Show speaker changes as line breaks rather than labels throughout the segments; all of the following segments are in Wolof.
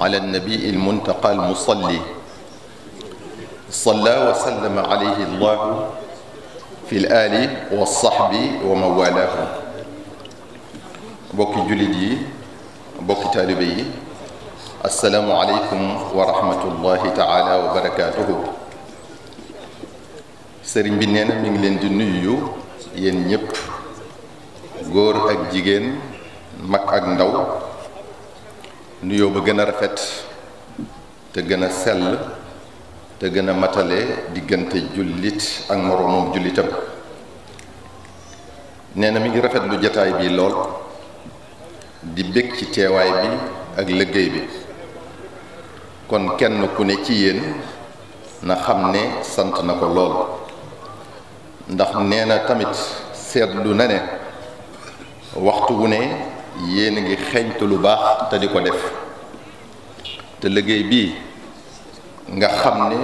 على النبي المنتقى المصلي صلى وسلم عليه الله في الآل والصحب وموالاه بوك بوكي جلدي بوكي تالبي السلام عليكم ورحمة الله تعالى وبركاته سرين بنينا من لندنيو ين ngi غور di nuyu nuyoo ba gën a rafet te gën a sell te gën a matale diggante jullit ak moroomam jullitam neena na mi ngi rafet lu jataay bi lool di bég ci teewaay bi ak liggéey bi kon kenn ku ne ci yéen na xam ne sant na ko lool ndax nee na tamit seetlu na ne waxtu wu ne yéen a ngi xeñtu lu baax te di ko def te liggéey bii nga xam ne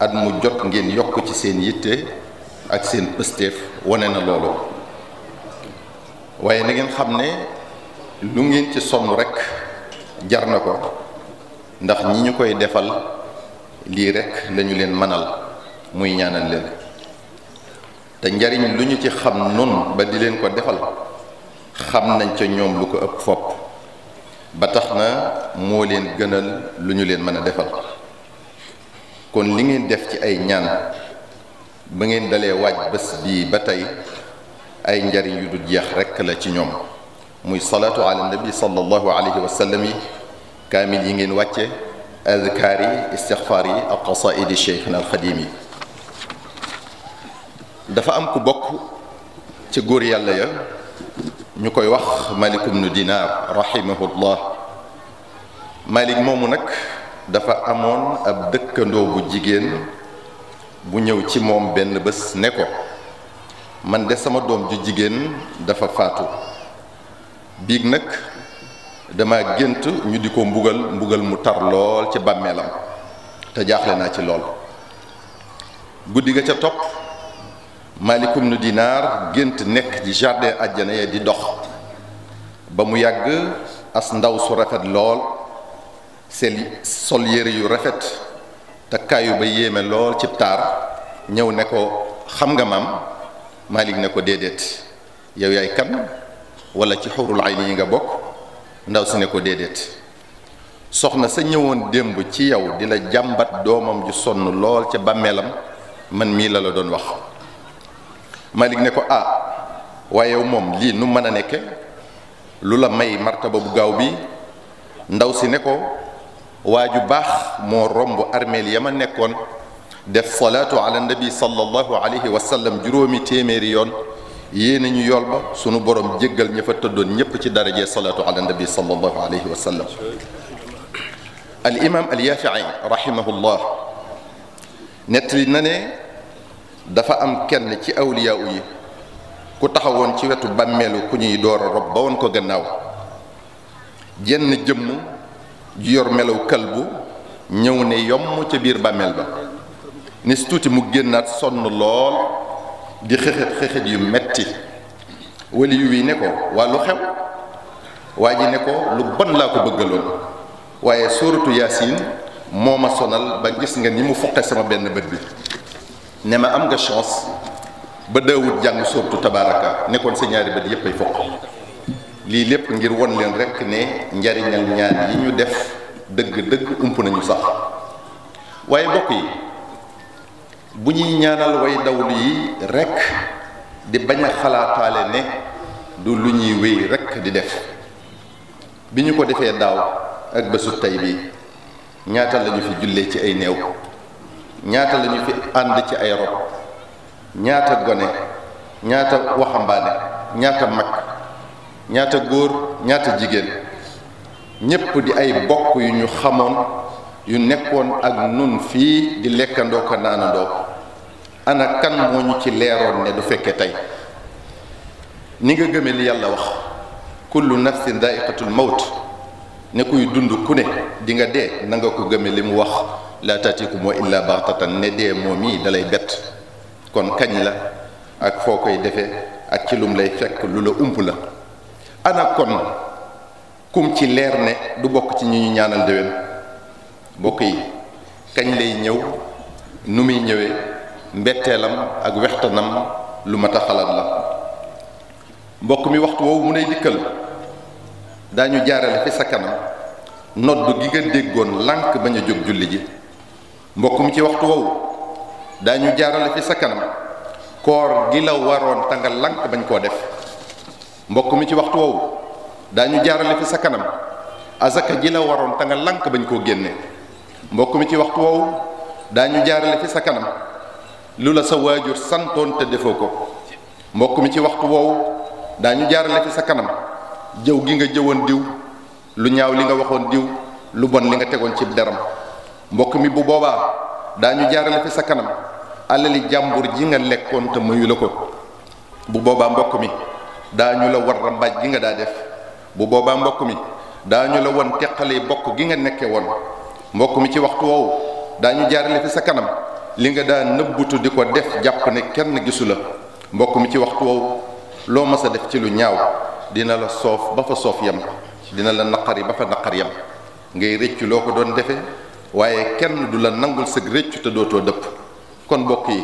at mu jot ngeen yokk ci seen yitte ak seen pësteef wane na loolu waaye na ngeen xam ne lu ngeen ci sonn rekk jar na ko ndax ñi ñu koy defal lii rekk lañu leen mënal muy ñaanal leen te njariñ lu ñu ci xam nun ba di leen ko defal xam nañ ca ñoom lu ko ëpp fopp ba tax na moo leen gënal lu ñu leen mën a defal kon li ngeen def ci ay ñaan ba ngeen dalee waaj bés bii ba tey ay njariñ yu du jeex rek la ci ñoom muy salatu ala nabi sallallahu alayhi wa sallam yi kaamil yi ngeen wàcce adkaar yi istixfaar yi ak qasaidi cheikhna alxadim yi dafa am ku bokk ci góor yàlla ya ñu koy wax malik ibnu dinaar rahimahullah malik moomu nag dafa amoon ab dëkkandoo bu jigéen bu ñëw ci moom benn bés ne ko man de sama doom ju jigéen dafa faatu biig nag dama gént ñu di ko mbugal mbugal mu tar lool ci bàmmeelam te jaaxle naa ci lool guddi ga ca topp Malik ibn Dinaar gént nekk ci jardin àjjana ya di dox ba mu yàgg as ndaw su rafet lool seen sol yére yu rafet takkaayu ba yéeme lool ci taar ñëw ne ko xam nga maam Malik ne ko déedéet yow yaay kan wala ci xurul ayni yi nga bokk ndaw si ne ko déedéet soxna sa ñëwoon démb ci yow di la jàmbat doomam ju sonn lool ca bàmmeelam man mii la la doon wax malik ne ko ah waye yow moom nu meuna nek lu la may martaba bu gaw bi ndaw si ne ko waju bax mo rombu armel yama nekkon def salatu ala nabi sallallahu alayhi wa sallam juromi temeri yon yene ñu yol ba sunu borom jéggal ñafa tëddoon ñépp ci darajee salatu ala nabi sallallahu alayhi wa sallam al imam al yafii rahimahullah netti na ne dafa am kenn ci awliya yi ku taxawoon ci wetu bàmmeelu ku ñuy door a rob ba woon ko gannaaw jenn jëmm ju yor melaw kalbu ñëw ne yomm ca biir bàmmeel ba ni si tuuti mu génnaat sonn lool di xëxët xëxët yu metti waliyu wi ne ko waa lu xew waa ji ne ko lu bon laa ko bëggaloon waaye sóoratu yaasin moo ma sonal ba gis nga ni mu fuqe sama benn bët bi ne ma am nga chance ba daawut jàng sóobtu tabaaraka nekkoon sa ñaari bët yépp ay fokk lii lépp ngir won leen rek ne njariñal ñaan yi ñu def dëgg-dëgg ump nañu sax waaye bokk yi bu ñuy ñaanal way dawlu yi rek di bañ a xalaataale ne du lu ñuy wéy rek di def bi ñu ko defee daaw ak bésu tey bi ñaata lañu fi jullee ci ay néew ñaata lañu fi ànd ci ay rob ñaata gone ñaata waxambaane ñaata mag ñaata góor ñaata jigéen ñépp di ay bokk yu ñu xamoon yu nekkoon ak nun fii di lekkandoo ko naanandoo ana kan moo ñu ci leeroon ne du fekkee tey ni nga gëmee li yàlla wax kullu nafsin daa'iqatul mawt ne kuy dund ku ne dinga nga dee na ko gëme li mu wax laa tatiku moo illa baxtatan ne dee moom yi dalay bett kon kañ la ak foo koy defee ak ci lum lay fekk lu la ump la ana kon kum ci leer ne du bokk ci ñu ñaanal déwén bokk yi kañ lay ñëw nu muy ñëwee mbetteelam ak wextanam lu mat a xalaat la mbokk mi waxtu woowu mu nay dikkal daañu jaarale fi sa kanam nodd gi nga déggoon lànk bañ a jóg julli ji mbokk mi ci waxtu woowu daañu jaarale fi sa kanam koor gi la waroon tanga lank bañ koo def mbokk mi ci waxtu woowu daañu jaarale fi sa kanam azaka ji la waroon tanga lank bañ koo génne mbokk mi ci waxtu woowu daañu jaarale fi sa kanam lu la sa waajur santoon te defoo ko mbokk mi ci waxtu woowu daañu jaarale fi sa kanam jëw gi nga jëwoon diw lu ñaaw li nga waxoon diw lu bon li nga tegoon ci deram mbokk mi bu boobaa daañu jaarale fi sa kanam alali jàmbur ji nga lekkoon te mayu la ko bu boobaa mbokk mi daañu la war rambaaj gi nga daa def bu boobaa mbokk mi daañu la woon teqale bokk gi nga nekke woon mbokk mi ci waxtu woowu daañu jaarale fi sa kanam li nga daan nëbbutu di ko def jàpp ne kenn gisu la mbokk mi ci waxtu woowu loo mas a def ci lu ñaaw dina la soof ba fa soof yam dina la naqari ba fa naqar yam ngay rëccu loo ko doon defee waaye kenn du la nangul sëg rëccu te dootoo dëpp kon bokk yi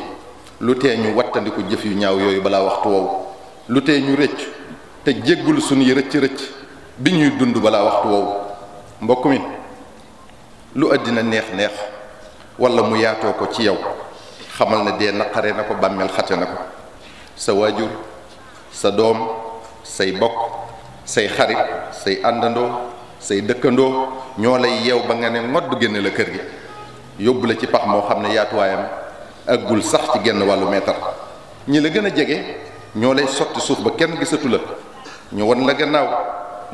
lu tee ñu wattandiku jëf yu ñaaw yooyu balaa waxtu woowu lu tee ñu rëcc te jéggul suñuy rëcc rëcc bi ñuy dund balaa waxtu woowu mbokk mi lu àddina neex neex wala mu yaatoo ko ci yow xamal na dee naqare na ko bàmmeel xate na ko sa waajur sa doom say bokk say xarit say àndandoo say dëkkandoo ñoo lay yeew ba nga ne ngodd génne la kër gi yóbbu la ci pax moo xam ne yaatuwaayam aggul sax ci genn wàllu meetar ñi la gën a jege ñoo lay sotti suuf ba kenn gisatu la ñu wan la gannaaw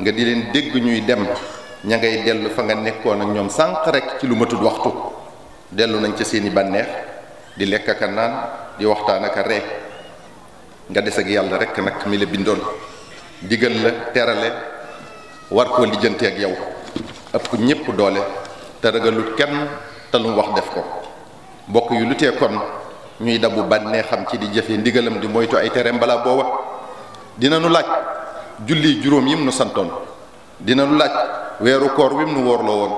nga di leen dégg ñuy dem ña ngay dellu fa nga nekkoon ak ñoom sànq rek ci lu matul waxtu dellu nañ ca seeni bànneex di lekk ak naan di waxtaan ak ree nga ak rek mi digal la terale war koo lijjanti ak yow ëpp ñépp doole te ragalut kenn te lu mu wax def ko mbokk yu lutee kon ñuy dabu bànnee xam ci di jëfe ndigalam di moytu ay tereem balaa booba dina nu laaj julli juróom yim nu santoon dina nu laaj weeru koor wim nu woorloo woon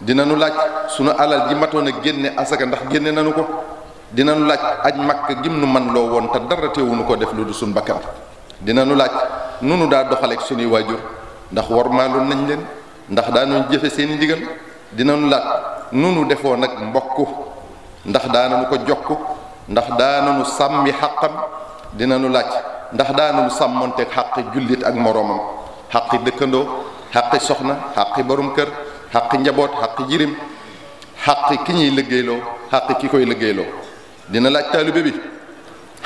dina nu laaj sunu alal ji matoon a génne asaka ndax génne nanu ko dina nu laaj aj makk gim nu man loo woon te dara teewunu ko def lu du suñ bakkan dina nu laaj nunu daa doxaleek sunuy waajur ndax war warmaaloon nañ leen ndax daanoon jëfe seen i ndigal dinañ nu nu defoon nag mbokk ndax daanañu ko jokk ndax daanañu sàmmi xàqam dinañu laaj ndax daanañu sàmmonteeg xàqi jullit ak moroomam xàqi dëkkandoo xàqi soxna xàqi borom kër xàqi njaboot xàqi jirim xàqi ki ñuy liggéeyloo xàqi ki koy liggéeyloo dina laaj taalibe bi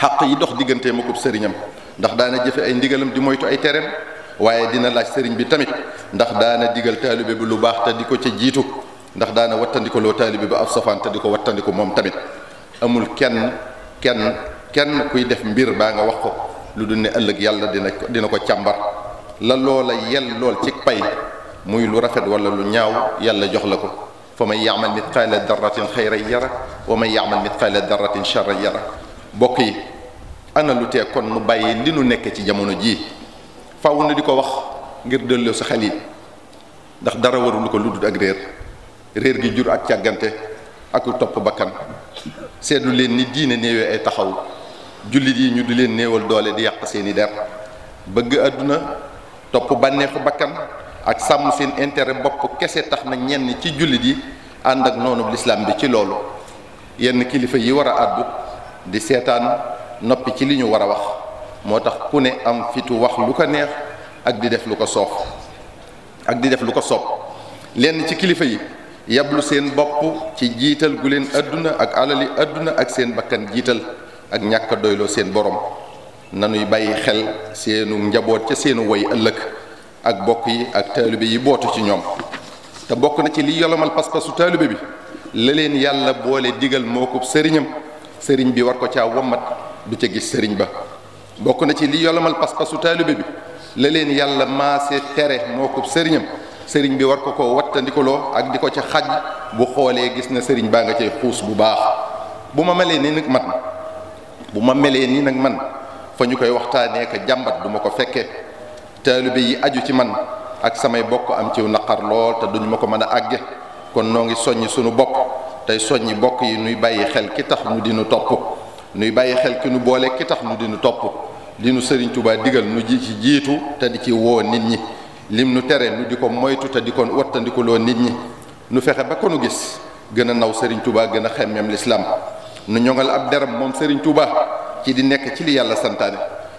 xàq yi dox diggante digganteem ak sëriñam ndax daana jëfe ay ndigalam di moytu ay tereem waye dina laaj serigne bi tamit ndax daana digal talibé bi lu bax ta diko ci jitu ndax daana watandiko lo talibé bi afsafan ta diko watandiko mom tamit amul kenn kenn kenn kuy def mbir ba nga wax ko lu dunne ëlëk yàlla dina ko dina ko ciambar la lola yel lol ci pay muy lu rafet wala lu ñaaw yàlla jox lako ko ya'mal mithqala darratin khayran yara wa man ya'mal mithqala darratin sharran yara bokki ana lu te kon mu baye li nu nek ci jamono ji faw na di ko wax ngir delloo sa xel yi ndax dara warul ko lu dul ak réer réer gi jur ak càggante ak topp bakkan seetlu leen ni diine néewee ay taxaw jullit yi ñu di leen néewal doole di yàq seeni der bëgg àdduna topp bànneexu bakkan ak sàmm seen intérêt bopp kese tax na ñenn ci jullit yi ànd ak noonu lislaam bi ci loolu yenn kilifa yi war a àddu di seetaan noppi ci li ñu war a wax moo tax ku ne am fitu wax lu ko neex ak di def lu ko soof ak di def lu ko soob lenn ci kilifa yi yablu seen bopp ci jiital gu leen àdduna ak alali àdduna ak seen bakkan jiital ak ñàkk a doyloo seen borom nanuy bàyyi xel seenu njaboot ca seenu woy ëllëg ak bokk yi ak taalibe yi bootu ci ñoom te bokk na ci liy yolomal pas-pasu taalibe bi la leen yàlla boole digal moo ko sëriñam sëriñ bi war ko caa wommat du ca gis sëriñ ba bokk na ci li yolomal pas-pasu taalibe bi la leen yàlla maase tere moo ko sëriñam sëriñ bi war ko ko wattandikuloo ak di ko ci xaj bu xoolee gis na sëriñ baa nga cee xuus bu baax bu ma melee nii nag man bu ma melee nii nag man fa ñu koy waxtaanee ka jàmbat duma ko fekkee taalibe yi aju ci man ak samay bokk am ciw naqar lool te duñu ma ko mën a àgge kon noo ngi soññ sunu bopp tey soññi bokk yi nuy bàyyi xel ki tax nu dinu topp nuy bàyyi xel ki nu boole ki tax ñu dinu topp li nu sëriñ tubaa digal nu ji ci jiitu te di ci woo nit ñi lim nu tere nu di ko moytu te di ko wattandikuloo nit ñi nu fexe ba ko nu gis gën a naw sëriñ tubaa gën a xemmeem lislaam nu ñoŋal ab deram moom sëriñ tubaa ci di nekk ci li yàlla santaane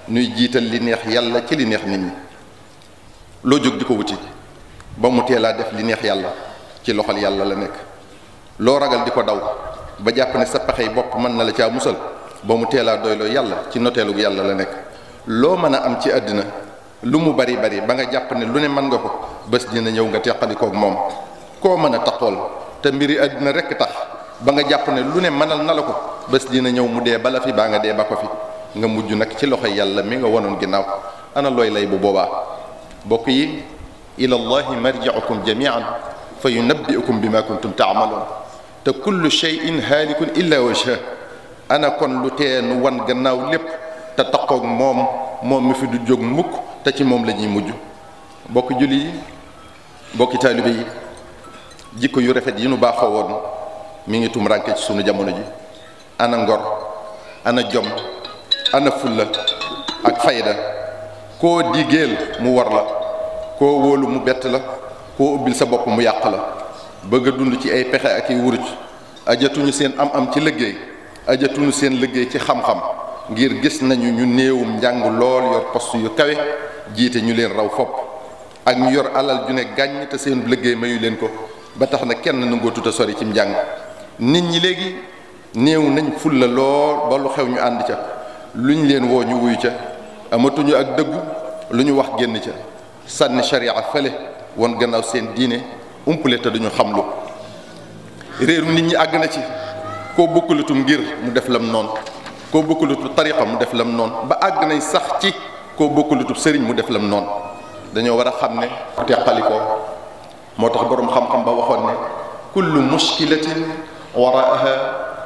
nuy jiital li neex yàlla ci li neex nit ñi loo jóg di ko wuti ba mu teelaa def li neex yàlla ci loxol yàlla la nekk loo ragal di ko daw ba jàpp ne sa pexe pexey bopp mën na la caa musal ba mu teelaa doyloo yàlla ci noteelu yàlla la nekk lo meuna am ci aduna lu mu bari bari ba nga jàpp ne lu ne man nga ko bés dina ñëw nga teqalikoog moom mom ko meuna taxol te mbiri aduna rek tax ba nga jàpp ne lu ne manal nalako bés dina ñëw mu de bala fi ba nga de ba ko fi nga mujj nak ci loxo yàlla mi nga wonon ginaaw ana loy lay bu boba bokk yi ila allah marji'ukum jami'an fayunabbi'ukum bima kuntum ta'malun ta kullu shay'in halikun illa wajha ana kon lu tee nu wan gannaaw lépp te takkoog moom moom mi fi du jóg mbukk te ci moom lañuy mujj bokki julli yi bokki taalibe yi jikko yu rafet yi nu baaxoo woon mi ngi tum ci sunu jamono ji ana ngor ana jom ana fulla ak fayda koo digeel mu war la koo wóolu mu bett la koo ubbil sa bopp mu yàq la bëgg a dund ci ay pexe ak yi wuruj ajatuñu seen am am ci liggéey ajatuñu seen liggéey ci xam-xam ngir gis nañu ñu néewum njàng lool yor post yu kawe jiite ñu leen raw fopp ak ñu yor alal ju ne gàññ te seen liggéey mayu leen ko ba tax na kenn nangoo tuta sori ci njàng nit ñi léegi néew nañ fulla lool ba lu xew ñu ànd ca luñ leen woo ñu wuyu ca amatuñu ak dëggu lu ñu wax génn ca sànni sharia fële woon gannaaw seen diine umpale te duñu xam lu réeru nit ñi àgg na ci koo bokkulatum ngir mu def lam noon ko koo tu tariqa mu def lam non ba ag nañ sax ci ko koo tu serigne mu def lam non dañu wara xamne xam ne teqalikoo moo xam-xam ba waxon ne kullu mushkilatin waraaha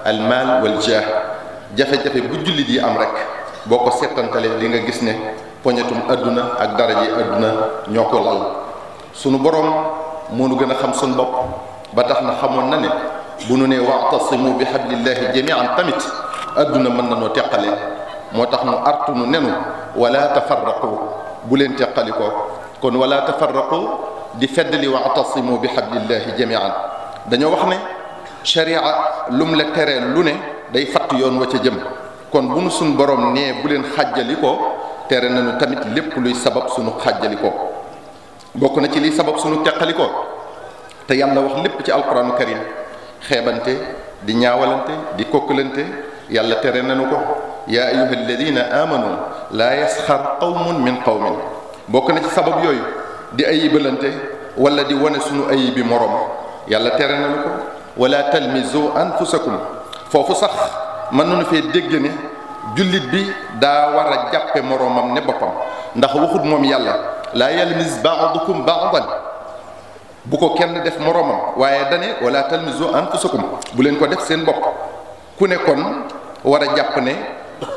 almal wal jah jafe-jafe bu jullit yi am rek boko setantale li nga gis ne poñatum aduna ak dara aduna ñoko lal sunu borom mo nu gëna xam sunu bop ba tax na xamoon na ne bu nu ne waqtasimu bi hablillahi jamian tamit aduna man nañu tekkale motax nu artu nu nenu wala tafarraqu bu len teqali ko kon wala tafarraqu di feddali waatasimu bi hablillahi jamian dañu wax ne sharia lum la tere lu ne day fat yoon wa ci jëm kon bu nu suñ borom ne bu len xàjjali ko tere nañu tamit lépp luy sabab suñu xàjjali ko bokk na ci li sabab suñu teqali ko te yàlla wax lépp ci alquranu karim xébanté di ñaawalante di kokkalante يلا ترننكو يا ايها الذين امنوا لا يسخر قوم من قوم بوكنا سي سبب يوي دي اي بلنتي ولا دي وني سونو اي بي مروم يلا ترننكو ولا تلمزوا انفسكم فوفو صخ منو في دغني جوليت بي دا ورا جابي مرومم ني بوبام ندخ وخوت موم يلا لا يلمز بعضكم بعضا بوكو كين ديف مرومم وايي داني ولا تلمزوا انفسكم بولين كو ديف سين بوب كوني كون war a jàpp ne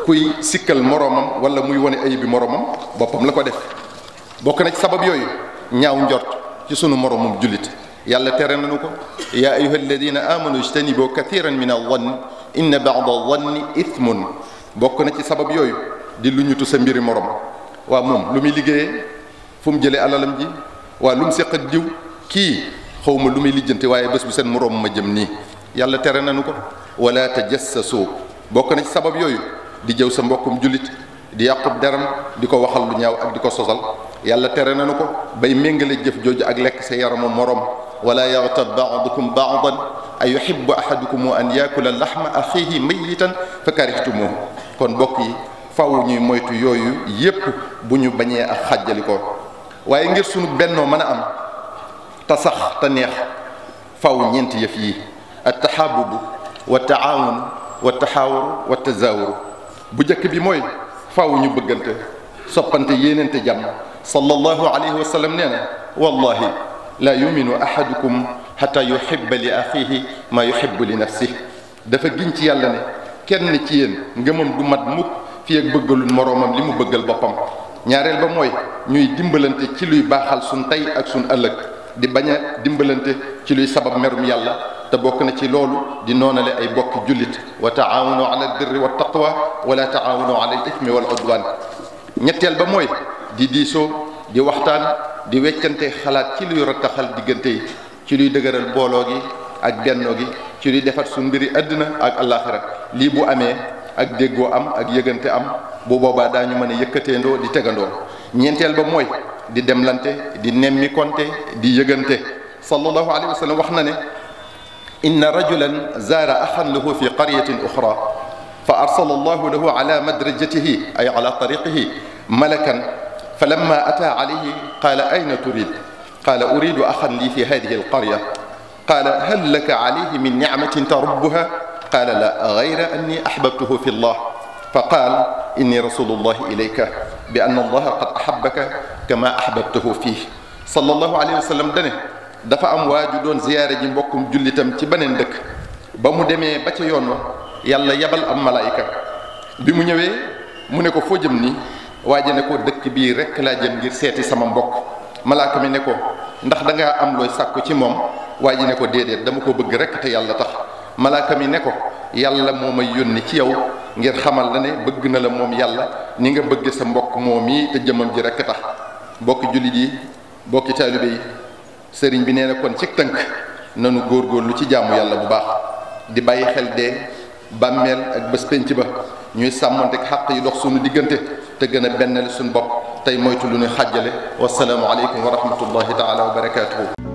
kuy sikkal moromam wala muy wone ayib bi moroomam boppam la ko def bokk na ci sabab yooyu ñaaw njort ci sunu moromum julit yàlla tere nañu ko ya ayuha alladina amanu ijtanibu kathiran min alwann inna bada alwanni ithmun bokk na ci sabab yooyu di lu ñutu sa mbiri morom waa moom lu muy liggéeyee fu mu jëlee alalam ji waa lu mu seqat diw kii xawma lu muy lijjanti waaye bés bu seen moroom ma jëm nii yàlla tere nañu ko wala tajassasu bokk na ci sabab yooyu di jëw sa mbokkum julit di yàqub deram di ko waxal lu ñaaw ak di ko sosal yàlla tere nanu ko bay méngale jëf jooju ak lekk sa yaramu morom wala yaxtab badukum badan ay yuhibbu ahadukum an yaakula lahma axiihi mayitan fa karihtumuhu kon bokk yi faw ñuy moytu yooyu yépp bu ñu bañee ak xàjjali ko waaye ngir sunu benno mën a am ta sax ta neex faw ñent yëf yi at taxaabubu wa taawun والتحاور والتزاور بجك بموي فاو ني بغنت سوبانت يينت جام صلى الله عليه وسلم نانا والله لا يؤمن احدكم حتى يحب لاخيه ما يحب لنفسه دا فا غينتي يالا ني كين تي يين غمم دو مات موك فيك بغل مروم ليمو بغل بوبام نياريل با موي ني ديمبلانتي تي لوي باخال سون تاي اك سون الك دي باña ديمبلانتي تي لوي سبب ميرم يالا te bokk na ci loolu di noonale ay bokki jullit wa taawanu ala albirri wa taqwa wala taawanu ala al ithmi wal udwan ñetteel ba mooy di diisoo di waxtaan di weccante xalaat ci luy rattaxal diggante yi ci luy dëgëral booloo gi ak bennoo gi ci luy defar su mbiri àddina ak àllaaxira lii bu amee ak déggoo am ak yëgante am bu boobaa daañu mën a yëkkateendoo di tegandoo ñeenteel ba mooy di demlante di nemmi konte di yëgante sallallahu alayhi wa sallam ne إن رجلا زار أخا له في قرية أخرى فأرسل الله له على مدرجته أي على طريقه ملكا فلما أتى عليه قال أين تريد قال أريد أخا لي في هذه القرية قال هل لك عليه من نعمة تربها قال لا غير أني أحببته في الله فقال إني رسول الله إليك بأن الله قد أحبك كما أحببته فيه صلى الله عليه وسلم دنه dafa am waa ji doon ziyaare ji mbokkum jullitam ci beneen dëkk ba mu demee ba ca yoon wa yàlla yebal am malaayka bi mu ñëwee mu ne ko foo jëm ni waa ji ne ko dëkk bii rekk laa jëm ngir seeti sama mbokk malaaka mi ne ko ndax danga am looy sàkku ci moom waa ji ne ko déedéet dama ko bëgg rekk te yàlla tax malaaka mi ne ko yàlla moo may yónni ci yow ngir xamal la ne bëgg na la moom yàlla ni nga bëgg sa mbokk moom yi te jëmam ji rekk tax mbokki jullit yi mbokki taalibe yi serigne bi neena kon ci tënk nanu gor gor lu ci jaamu yàlla bu baax di baye xel de bammel ak bés pénc ba ñuy samonté ak xàq yi dox suñu digënté te gëna a bennal suñu bop tay moytu lu ñu xàjjale wasalaamu alaykum wa rahmatullahi taala wa barakatuh